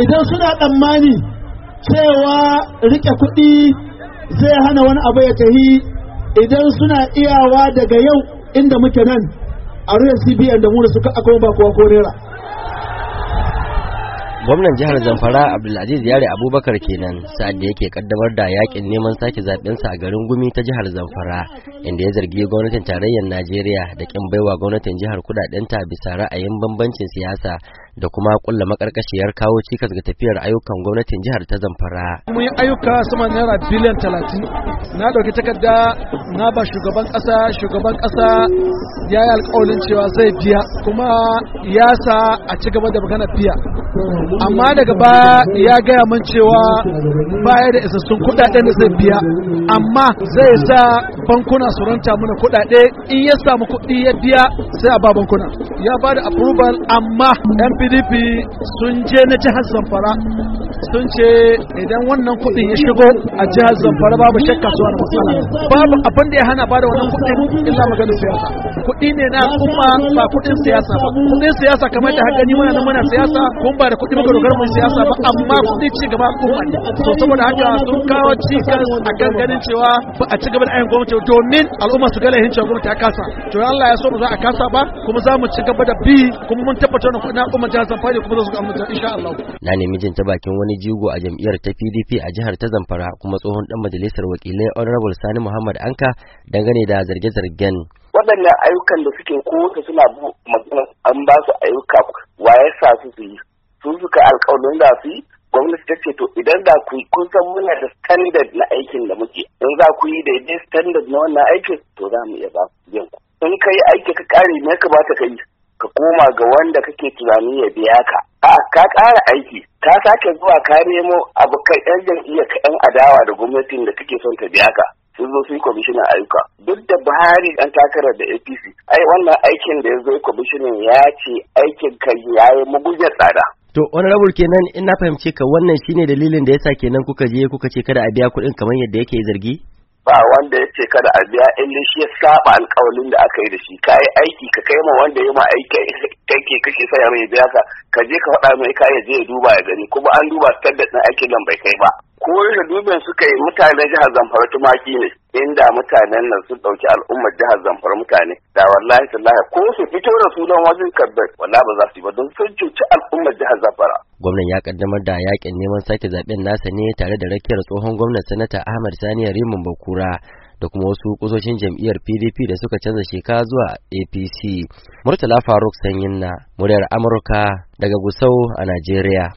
idan suna tsammani cewa rike kuɗi zai hana wani abu ya tahi idan suna iyawa daga yau inda muke nan a ruwan cbn da mura suka akwai ba kowa ko naira gwamnan jihar zamfara abdulaziz yare abubakar kenan sa'ad da yake kaddamar da yakin neman sake zaɓensa a garin gumi ta jihar zamfara inda ya zargi gwamnatin tarayyar najeriya da kin baiwa gwamnatin jihar ta bisa ra'ayin bambancin siyasa da kuma kulla makarkashiyar kawo cikas ga tafiyar ayyukan gwamnatin jihar ta zamfara mun yi ayyuka sama naira biliyan talatin na ɗauki takarda na ba shugaban ƙasa shugaban ƙasa ya yi alƙawarin cewa zai biya kuma ya sa a ci gaba da magana biya amma daga baya ya gaya min cewa baya da isassun kudaden da zai biya amma zai sa bankuna su ranta mana kudade in ya samu kuɗi ya biya sai a ba bankuna ya ba da approval amma yan pdp sun je na jihar zamfara sun ce idan wannan kuɗin ya shigo a jihar zamfara babu shakka su wani matsala babu abin da ya hana ba da wannan kuɗin illa maganin siyasa kuɗi ne na al'umma ba kuɗin siyasa ba kuɗin siyasa kamar da haka ni mana muna siyasa kun ba da kuɗi muka dogara mu siyasa ba amma kuɗi ci gaba al'umma ne to saboda haka sun kawo cikas a kan ganin cewa ba a ci gaba da ayyukan gwamnati domin al'umma su ga lahin cewa gwamnati ta kasa to Allah ya so mu za a kasa ba kuma za mu ci gaba da bi kuma mun tabbata na kuɗin al'umma jihar zamfara kuma za su ga amma insha Allah na nemi jin ta bakin wani jigo a jam'iyyar ta PDP a jihar ta Zamfara kuma tsohon dan majalisar wakilai Honorable Sani Muhammad Anka dangane da zarge-zargen. Waɗannan ayyukan da suke kowace suna magana an ba su ayyuka wa ya sa su su yi. Sun suka alƙawarin da su gwamnati ta ce to idan za ku yi kun san muna da standard na aikin da muke in za ku yi daidai standard na wannan aikin to za mu iya ba ku biyan In ka yi aiki ka ƙare me ka ba ta ka ka koma ga wanda kake tunani ya biya ka. a ka ƙara aiki ka sake zuwa ka nemo abokan yan jam'iyyar ka yan adawa da gwamnatin da kake son ta biya ka sun zo sun kwamishinan ayyuka duk da buhari dan takarar da apc ai wannan aikin da ya zo kwamishinan ya ce aikin kai ya yi mugujar tsada To wani rabur kenan in na fahimce ka wannan shine dalilin da yasa kenan kuka je kuka ce kada a biya kuɗin kamar yadda yake zargi? Ba wanda ya ce kada a biya in shi ya saba alƙawalin da aka yi da shi ka yi aiki ka kai ma wanda ya ma aiki ka ya biya ka ka je ka faɗa mai ka je ya duba ya gani kuma an duba standard ɗin aikin nan bai kai ba ko da duben suka yi mutanen jihar Zamfara tumaki ne inda mutanen nan sun ɗauki al'ummar jihar Zamfara mutane da wallahi tallahi ko su fito da sunan wajen kabbar wallahi ba za su yi ba don sun cuci al'ummar jihar Zamfara gwamnan ya kaddamar da yakin neman sake zaben nasa ne tare da rakiyar tsohon gwamnan sanata Ahmad Sani Rimin Bakura da kuma wasu kusoshin jam'iyyar PDP da suka canza shekara zuwa APC. Murtala Faruk Sanyin na muryar Amurka daga Gusau a Najeriya.